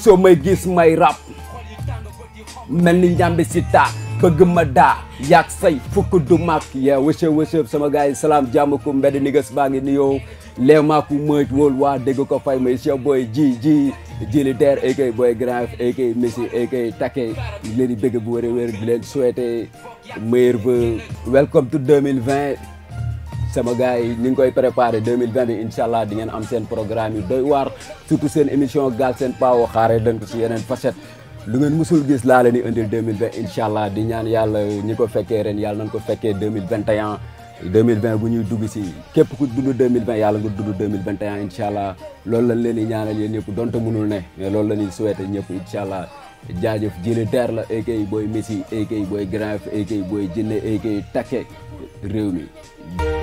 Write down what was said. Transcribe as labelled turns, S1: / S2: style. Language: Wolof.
S1: soo may gis may rap mel ni njàmbi si taa bëgg ma daa yaag say fukk du mag ya wësë wësë sama gars salaam jàmm ku ni niggas baa ngi nuyoo lee maaku mëj wóol waa dégg ko fay may sia booy ji ji jili der akey booy grave akey messi akey take leen bëgg bu wér a wér di leen souhaité meilleur welcome to sama gars yi ni ngi koy préparé 2020 incha allah di ngeen am seen programme yi doy waar surtout seen émission Galsen Power xaaree leen ko si yeneen facette lu ngeen musul gis laa leen di indil 2020 incha allah di ñaan yàlla ñi ko fekkee ren yàlla nañ ko fekkee 2021 2020 bu ñuy dugg si képp ku dund 2020 yàlla nga dund 2021 incha allah loolu lañ leen di ñaanal yéen ñëpp donte mënul ne mais loolu la ñuy souhaité ñëpp incha allah jaajëf jili teer la akay booy Messi akay booy Graaf akay booy Jinne akay Take mi